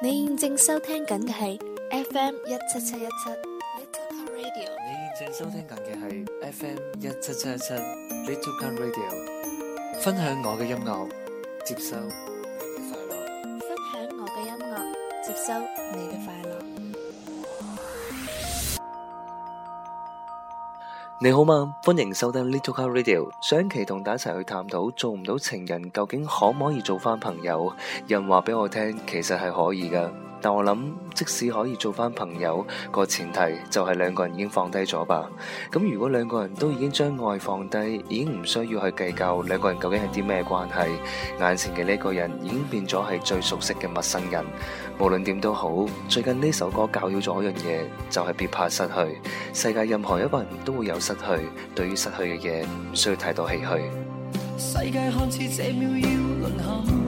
你現正收聽緊嘅係 FM 一七七一七 Little Cam Radio，你現正收聽緊嘅係 FM 一七七一七 Little Cam Radio，分享我嘅音樂，接收。你好嗎？歡迎收聽 Little Car Radio，上期同大家一齊去探討做唔到情人究竟可唔可以做返朋友，有人話俾我聽，其實係可以㗎。但我諗，即使可以做翻朋友，個前提就係兩個人已經放低咗吧。咁如果兩個人都已經將愛放低，已經唔需要去計較兩個人究竟係啲咩關係。眼前嘅呢個人已經變咗係最熟悉嘅陌生人。無論點都好，最近呢首歌教曉咗一樣嘢，就係、是、別怕失去。世界任何一個人都會有失去，對於失去嘅嘢唔需要太多唏噓。世界看似這妙要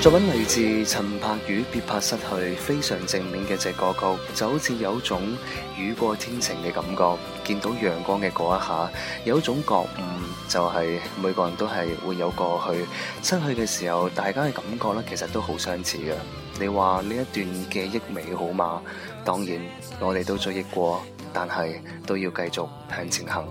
作品嚟自陳柏宇，別怕失去，非常正面嘅隻歌曲，就好似有種雨過天晴嘅感覺，見到陽光嘅嗰一下，有種覺悟，就係、是、每個人都係會有過去，失去嘅時候，大家嘅感覺咧，其實都好相似嘅。你話呢一段嘅憶美好嘛，當然我哋都追憶過，但係都要繼續向前行。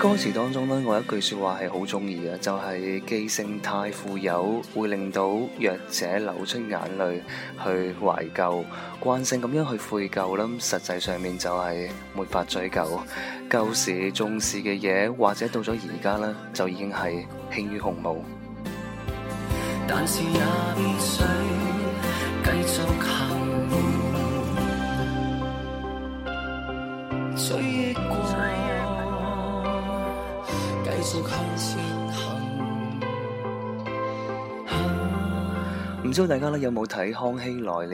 歌詞當中呢，我一句説話係好中意嘅，就係記性太富有，會令到弱者流出眼淚，去懷舊，慣性咁樣去悔舊啦。實際上面就係沒法追究，舊時重視嘅嘢，或者到咗而家呢，就已經係輕於鴻毛。但是唔知道大家咧有冇睇《康熙來了》？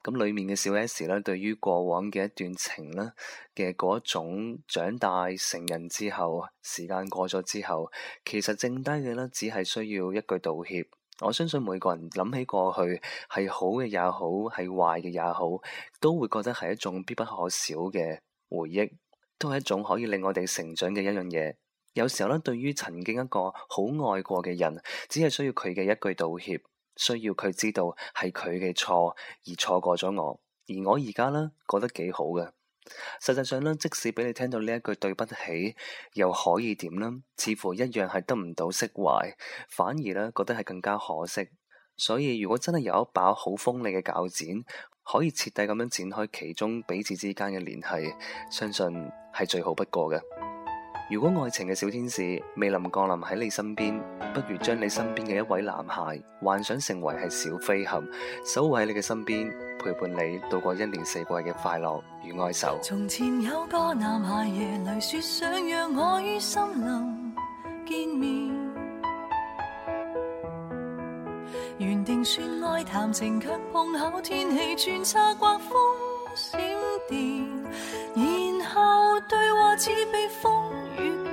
咁裏面嘅小 S 咧，對於過往嘅一段情咧，嘅嗰種長大成人之後，時間過咗之後，其實剩低嘅呢，只係需要一句道歉。我相信每個人諗起過去，係好嘅也好，係壞嘅也好，都會覺得係一種必不可少嘅回憶，都係一種可以令我哋成長嘅一樣嘢。有時候咧，對於曾經一個好愛過嘅人，只係需要佢嘅一句道歉，需要佢知道係佢嘅錯而錯過咗我，而我而家呢，覺得幾好嘅。實際上呢，即使俾你聽到呢一句對不起，又可以點呢？似乎一樣係得唔到釋懷，反而呢，覺得係更加可惜。所以如果真係有一把好鋒利嘅鉸剪，可以徹底咁樣剪開其中彼此之間嘅聯繫，相信係最好不過嘅。如果愛情嘅小天使未能降臨喺你身邊，不如將你身邊嘅一位男孩幻想成為係小飛俠，守護喺你嘅身邊，陪伴你度過一年四季嘅快樂與哀愁。從前有個男孩，夜裏說，想讓我於森林見面，原定說愛談情，卻碰巧天氣轉差，颳風閃電，然後對話似被風。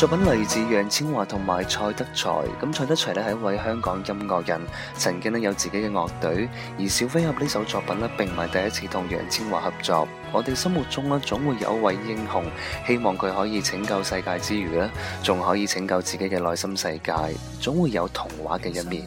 作品嚟自楊千嬅同埋蔡德才，咁蔡德才咧係一位香港音樂人，曾經咧有自己嘅樂隊。而小飛俠呢首作品咧，並唔係第一次同楊千嬅合作。我哋心目中啊，總會有一位英雄，希望佢可以拯救世界之餘咧，仲可以拯救自己嘅內心世界。總會有童話嘅一面。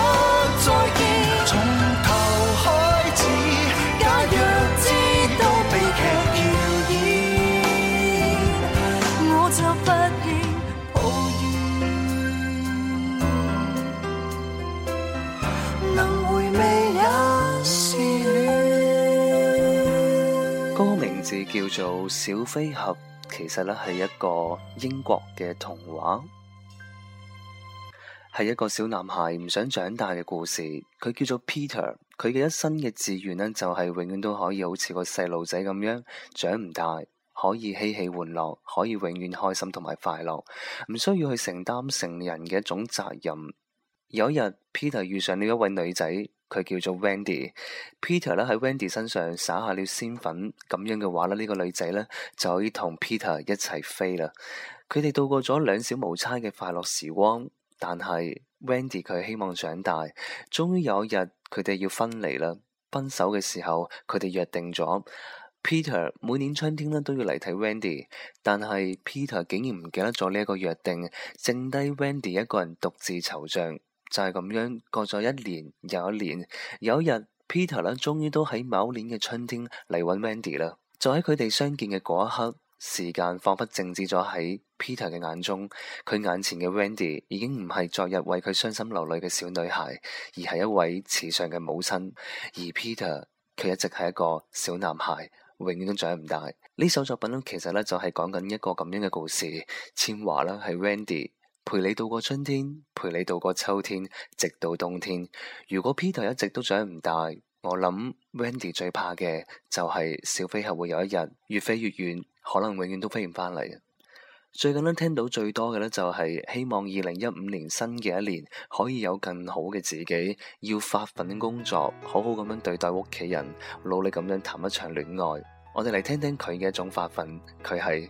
叫做小飛俠，其實咧係一個英國嘅童話，係一個小男孩唔想長大嘅故事。佢叫做 Peter，佢嘅一生嘅志願咧就係永遠都可以好似個細路仔咁樣長唔大，可以嬉戲玩樂，可以永遠開心同埋快樂，唔需要去承擔成人嘅一種責任。有一日，Peter 遇上了一位女仔。佢叫做 Wendy，Peter 咧喺 Wendy 身上灑下了仙粉，咁樣嘅話咧，呢個女仔咧就可以同 Peter 一齊飛啦。佢哋度過咗兩小無猜嘅快樂時光，但係 Wendy 佢希望長大。終於有一日佢哋要分離啦，分手嘅時候，佢哋約定咗 Peter 每年春天咧都要嚟睇 Wendy，但係 Peter 竟然唔記得咗呢一個約定，剩低 Wendy 一個人獨自惆悵。就係、是、咁樣過咗一年又一年，有一日，Peter 咧終於都喺某年嘅春天嚟揾 Wendy 啦。就喺佢哋相見嘅嗰一刻，時間彷彿靜止咗喺 Peter 嘅眼中。佢眼前嘅 Wendy 已經唔係昨日為佢傷心流淚嘅小女孩，而係一位慈祥嘅母親。而 Peter 佢一直係一個小男孩，永遠都長唔大。呢首作品咧，其實呢，就係、是、講緊一個咁樣嘅故事。千華啦，係 Wendy。陪你度過春天，陪你度過秋天，直到冬天。如果 Peter 一直都長唔大，我諗 Wendy 最怕嘅就係小飛俠會有一日越飛越遠，可能永遠都飛唔翻嚟。最近咧聽到最多嘅呢，就係希望二零一五年新嘅一年可以有更好嘅自己，要發奮工作，好好咁樣對待屋企人，努力咁樣談一場戀愛。我哋嚟聽聽佢嘅一種發奮，佢係。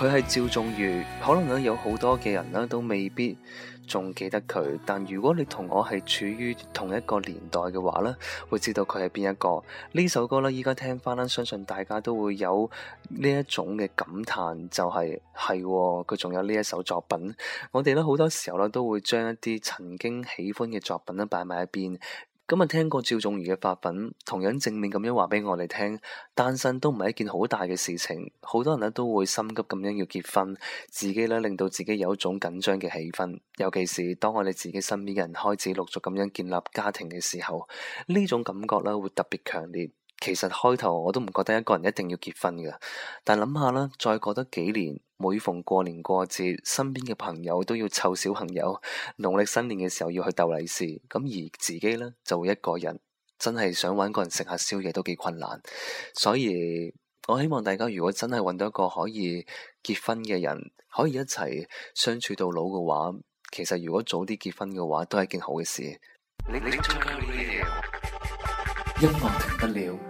佢係趙仲如，可能咧有好多嘅人咧都未必仲記得佢，但如果你同我係處於同一個年代嘅話咧，會知道佢係邊一個。呢首歌咧，依家聽翻咧，相信大家都會有呢一種嘅感嘆，就係係喎，佢仲有呢一首作品。我哋咧好多時候咧都會將一啲曾經喜歡嘅作品咧擺埋一邊。今日聽過趙仲如嘅發奮，同樣正面咁樣話畀我哋聽，單身都唔係一件好大嘅事情。好多人呢都會心急咁樣要結婚，自己呢令到自己有一種緊張嘅氣氛。尤其是當我哋自己身邊嘅人開始陸續咁樣建立家庭嘅時候，呢種感覺呢會特別強烈。其實開頭我都唔覺得一個人一定要結婚嘅，但諗下啦，再過多幾年，每逢過年過節，身邊嘅朋友都要湊小朋友，農曆新年嘅時候要去逗利是，咁而自己呢，就會一個人，真係想揾個人食下宵夜都幾困難。所以我希望大家如果真係揾到一個可以結婚嘅人，可以一齊相處到老嘅話，其實如果早啲結婚嘅話，都係一件好嘅事。音樂停不了。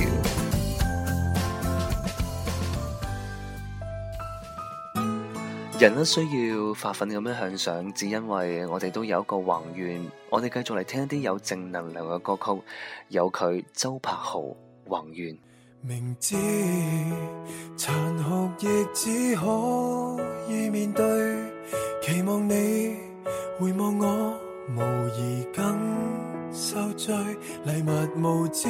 人都需要發奮咁樣向上，只因為我哋都有一個宏願。我哋繼續嚟聽一啲有正能量嘅歌曲，有佢周柏豪《宏願》。明知殘酷亦只可以面對，期望你回望我，無疑更受罪，禮物無止。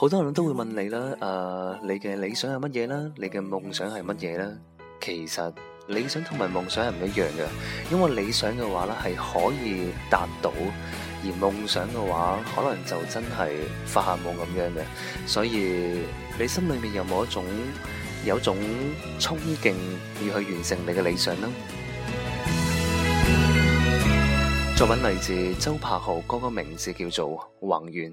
好多人都會問你啦，誒、呃，你嘅理想係乜嘢啦？你嘅夢想係乜嘢呢？其實理想同埋夢想係唔一樣嘅，因為理想嘅話咧係可以達到，而夢想嘅話可能就真係發下夢咁樣嘅。所以你心裏面有冇一種有一種衝勁要去完成你嘅理想呢？作品嚟自周柏豪，歌個名字叫做《宏願》。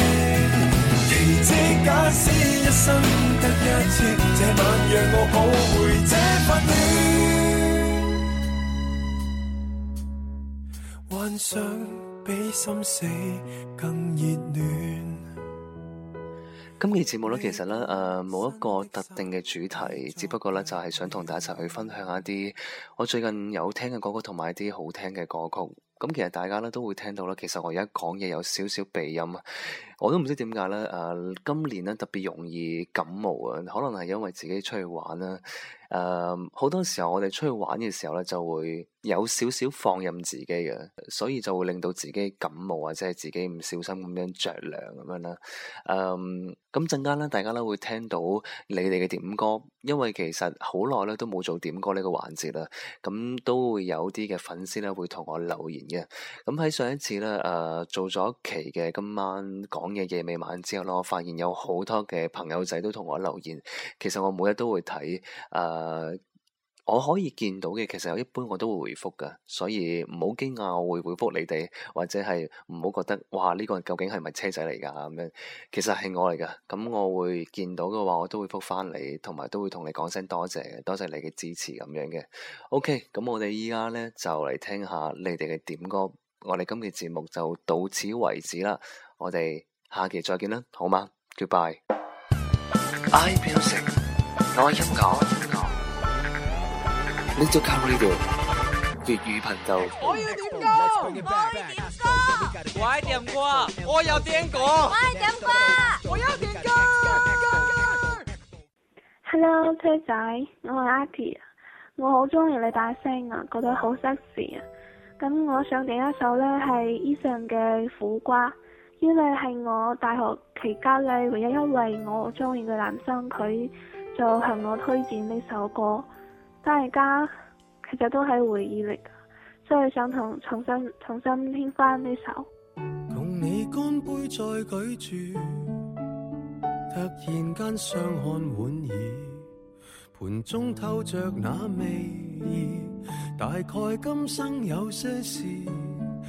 假使一生得一次，這晚讓我抱回這份暖，幻想比心死更熱暖。今期節目咧，其實咧，誒，冇一個特定嘅主題，只不過咧就係想同大家一齊去分享一啲我最近有聽嘅歌曲同埋一啲好聽嘅歌曲。咁其實大家咧都會聽到咧，其實我而家講嘢有少少鼻音。我都唔知點解咧，呃、今年咧特別容易感冒啊，可能係因為自己出去玩啦，呃、好多時候我哋出去玩嘅時候咧就會有少少放任自己嘅，所以就會令到自己感冒啊，即係自己唔小心咁樣着涼咁樣啦。呃、咁陣間咧，大家都會聽到你哋嘅點歌，因為其實好耐咧都冇做點歌呢個環節啦，咁都會有啲嘅粉絲咧會同我留言嘅。咁喺上一次咧、呃、做咗一期嘅今晚講嘅夜未晚之後啦，我發現有好多嘅朋友仔都同我留言，其實我每日都會睇，誒、呃、我可以見到嘅，其實我一般我都會回覆噶，所以唔好驚訝我會回覆你哋，或者係唔好覺得哇，呢個人究竟係咪車仔嚟噶咁樣，其實係我嚟噶，咁我會見到嘅話，我都會覆翻你，同埋都會同你講聲多謝，多謝，多謝你嘅支持咁樣嘅。OK，咁我哋依家呢，就嚟聽下你哋嘅點歌，我哋今期節目就到此為止啦，我哋。下期再見啦，好嗎？Goodbye。 I Music，我係音樂樂你粵語頻道，我要點歌，我要 我要點歌，我要點歌， 我要點歌。我要點歌。Hello，車仔，我係阿 P，我好中意你把聲啊，覺得好 sexy 啊。咁我想點一首咧，係 Eason 嘅苦瓜。呢位係我大學期間嘅唯一一位我中意嘅男生，佢就向我推薦呢首歌。但而家其實都係回憶嚟噶，所以想同重新重新聽翻呢首。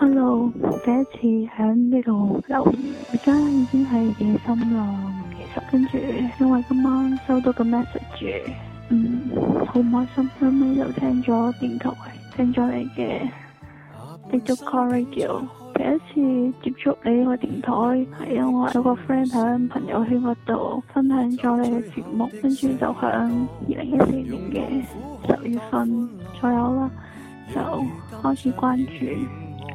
Hello，第一次喺呢度留言，而家已經係夜深啦，其實跟住因為今晚收到個 message，嗯，好唔開心，後尾就聽咗電台，聽咗你嘅《The To Carry You》。第一次接觸你呢個電台，係因為我有個 friend 喺朋友圈嗰度分享咗你嘅節目，跟住就喺二零一四年嘅十月份左右啦，就開始關注。